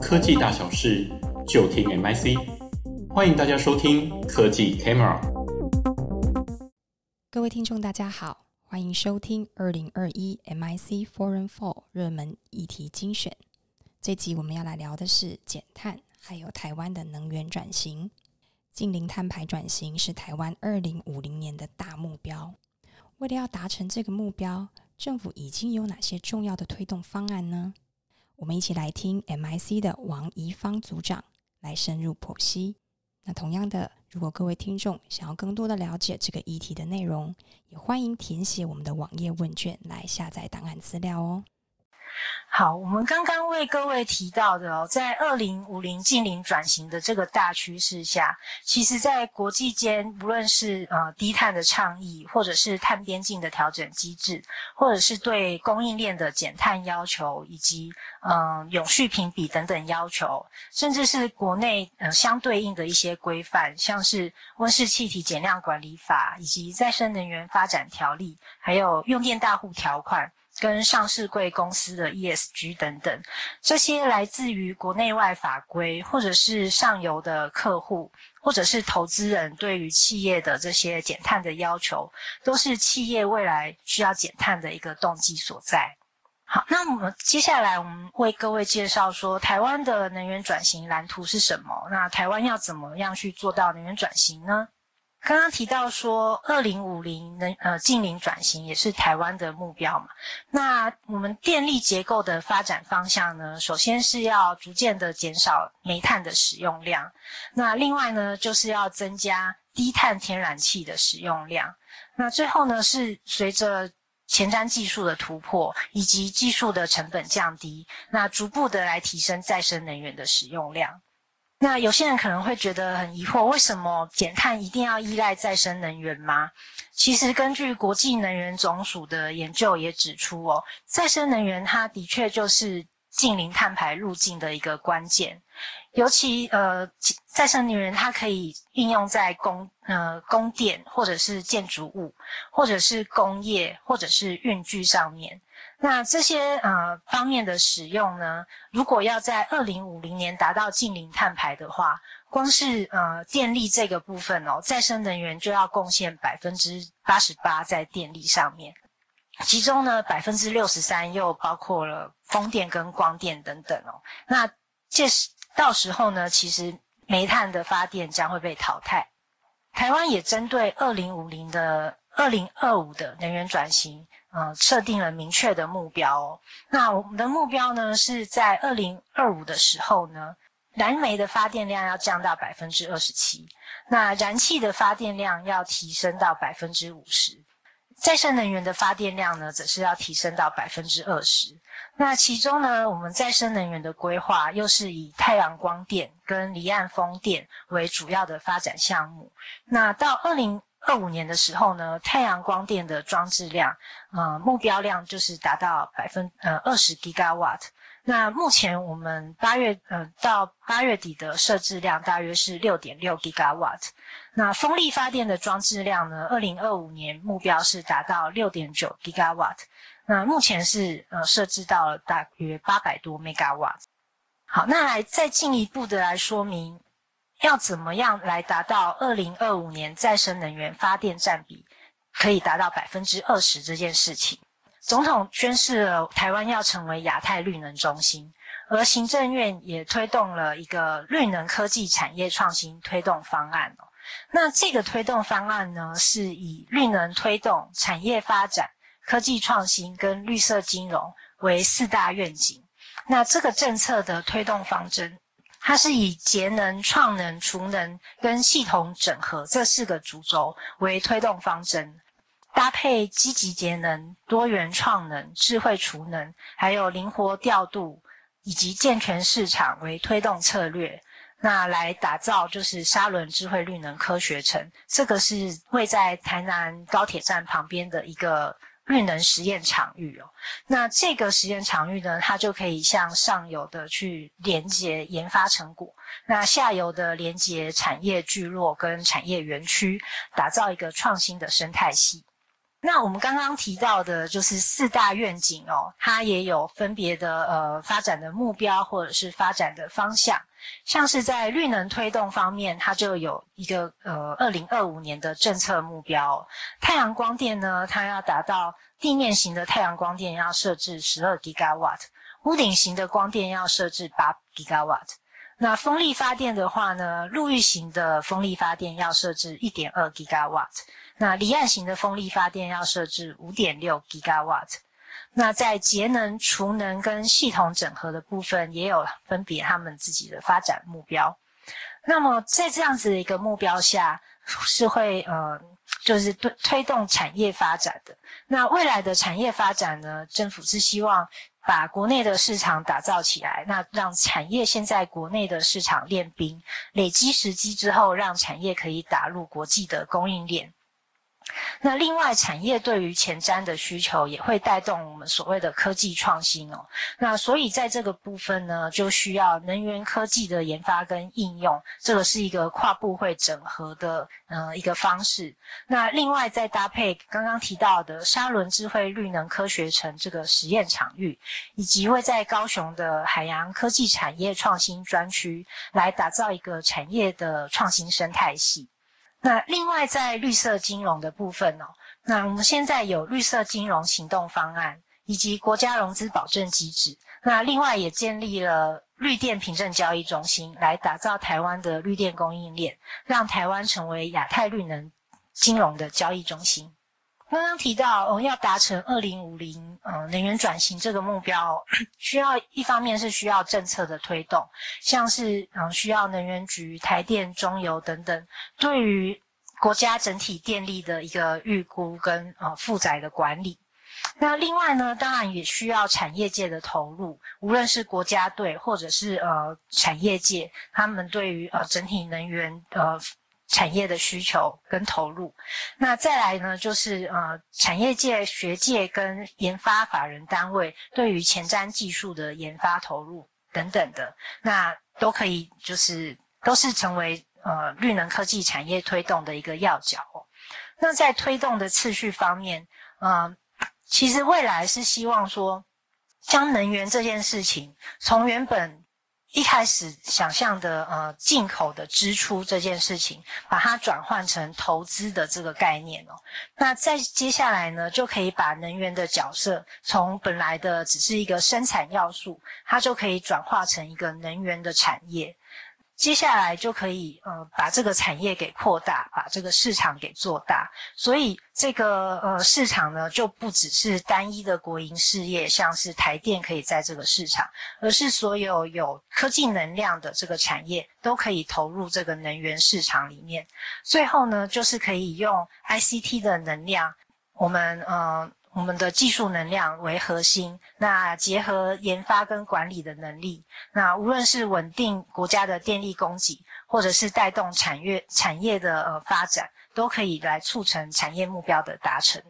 科技大小事就聽 MIC，歡迎大家收聽科技 Camera。各位聽眾大家好，歡迎收聽二零二一 MIC Forum 熱門議題精選。這集我們要來聊的是減碳，還有台灣的能源轉型。淨零碳排轉型是台灣二零五零年的大目標。為了要達成這個目標，政府已經有哪些重要的推動方案呢？我們一起來聽 MIC 的王怡方組長來深入剖析。那同樣的，如果各位聽眾想要更多的了解這個議題的內容，也歡迎填寫我們的網頁問卷來下載檔案資料哦。好，我們剛剛為各位提到的哦，在二零五零淨零轉型的這個大趨勢下，其實在國際間，無論是呃低碳的倡議，或者是碳邊境的調整機制，或者是對供應鏈的減碳要求，以及嗯、呃、永續評比等等要求，甚至是國內呃相對應的一些規範，像是溫室氣體減量管理法以及再生能源發展條例，還有用電大戶條款。跟上市櫃公司的 ESG 等等，這些來自於國內外法規，或者是上游的客戶，或者是投資人對於企業的這些減碳的要求，都是企業未來需要減碳的一個動機所在。好，那我們接下來我們為各位介紹說，台灣的能源轉型藍圖是什麼？那台灣要怎麼樣去做到能源轉型呢？剛剛提到說2050，二零五零能呃淨零轉型也是台灣的目標嘛。那我們電力結構的發展方向呢，首先是要逐漸的減少煤炭的使用量，那另外呢，就是要增加低碳天然氣的使用量，那最後呢，是隨着前瞻技術的突破以及技術的成本降低，那逐步的來提升再生能源的使用量。那有些人可能會覺得很疑惑，為什麼減碳一定要依賴再生能源嗎？其實根據國際能源總署的研究也指出，哦，再生能源它的確就是。淨零碳排路徑的一個關鍵，尤其呃，再生能源它可以應用在供呃供電或者是建築物，或者是工業或者是運具上面。那這些呃方面的使用呢，如果要在二零五零年達到淨零碳排的話，光是呃電力這個部分哦，再生能源就要貢獻百分之八十八在電力上面。其中呢，百分之六十三又包括了風電跟光電等等哦。那屆時到時候呢，其實煤炭的發電將會被淘汰。台灣也針對二零五零的，二零二五的能源轉型，嗯、呃，設定了明確的目標哦。那我們的目標呢，是在二零二五的時候呢，燃煤的發電量要降到百分之二十七，那燃氣的發電量要提升到百分之五十。再生能源的發電量呢，則是要提升到百分之二十。那其中呢，我們再生能源的規劃又是以太陽光電跟離岸風電為主要的發展項目。那到二零二五年的時候呢，太陽光電的裝置量，呃，目標量就是達到百分呃二十吉加瓦特。那目前我們八月，呃，到八月底的設置量大約是六點六吉瓦瓦特。那風力發電的裝置量呢，二零二五年目標是達到六點九吉瓦瓦特。那目前是，呃，設置到了大約八百多兆瓦瓦特。好，那來再進一步的來說明，要怎麼樣來達到二零二五年再生能源發電佔比可以達到百分之二十這件事情。總統宣示了台灣要成為亞太綠能中心，而行政院也推動了一個綠能科技產業創新推動方案。那這個推動方案呢，是以綠能推動、產業發展、科技創新跟綠色金融為四大願景。那這個政策的推動方針，它是以節能、創能、儲能跟系統整合這四個主軸為推動方針。搭配積極節能、多元創能、智慧儲能，還有靈活調度，以及健全市場為推動策略，那來打造就是沙崙智慧綠能科學城。這個是位在台南高鐵站旁邊的一個綠能實驗場域哦。那這個實驗場域呢，它就可以向上游的去連接研發成果，那下游的連接產業聚落跟產業園區，打造一個創新的生態系。那我們剛剛提到的就是四大願景哦，它也有分別的呃發展的目標或者是發展的方向，像是在綠能推動方面，它就有一個呃二零二五年的政策目標哦，太陽光電呢，它要達到地面型的太陽光電要設置十二 gigawatt，屋頂型的光電要設置八 gigawatt。那風力發電的話呢，陸域型的風力發電要設置一點二吉瓦，那離岸型的風力發電要設置五點六吉瓦。那在節能、儲能跟系統整合的部分，也有分別他們自己的發展目標。那麼在這樣子的一個目標下，是會呃，就是對推動產業發展的。那未來的產業發展呢，政府是希望。把國內的市場打造起來，那讓產業先在國內的市場練兵，累積時機之後，讓產業可以打入國際的供應鏈。那另外產業對於前瞻的需求也會帶動我們所謂的科技創新哦。那所以在這個部分呢，就需要能源科技的研發跟應用，這個是一個跨部會整合的呃一個方式。那另外再搭配剛剛提到的沙崙智慧綠能科學城這個實驗場域，以及會在高雄的海洋科技產業創新專區，來打造一個產業的創新生態系。那另外在綠色金融的部分哦，那我們現在有綠色金融行動方案以及國家融資保證機制，那另外也建立了綠電憑證交易中心，來打造台灣的綠電供應鏈，讓台灣成為亞太綠能金融的交易中心。剛剛提到，呃、哦，要達成二零五零，嗯，能源轉型這個目標，需要一方面是需要政策的推動，像是，嗯、呃，需要能源局、台電、中油等等，對於國家整體電力的一個預估跟呃負載的管理。那另外呢，當然也需要產業界的投入，無論是國家隊或者是呃產業界，他們對於呃整體能源呃。產業的需求跟投入，那再來呢，就是呃產業界、學界跟研發法人單位對於前瞻技術的研發投入等等的，那都可以就是都是成為呃綠能科技產業推動的一個要角。那在推動的次序方面，啊、呃，其實未來是希望說將能源這件事情從原本。一開始想象的呃進口的支出這件事情，把它轉換成投資的這個概念哦。那再接下來呢，就可以把能源的角色從本來的只是一個生產要素，它就可以轉化成一個能源的產業。接下來就可以，呃，把這個產業給擴大，把這個市場給做大。所以這個呃市場呢，就不只是單一的國營事業，像是台電可以在這個市場，而是所有有科技能量的這個產業都可以投入這個能源市場裡面。最後呢，就是可以用 ICT 的能量，我們呃。我們的技術能量為核心，那結合研發跟管理的能力，那無論是穩定國家的電力供給，或者是帶動產業產業的呃發展，都可以來促成產業目標的達成。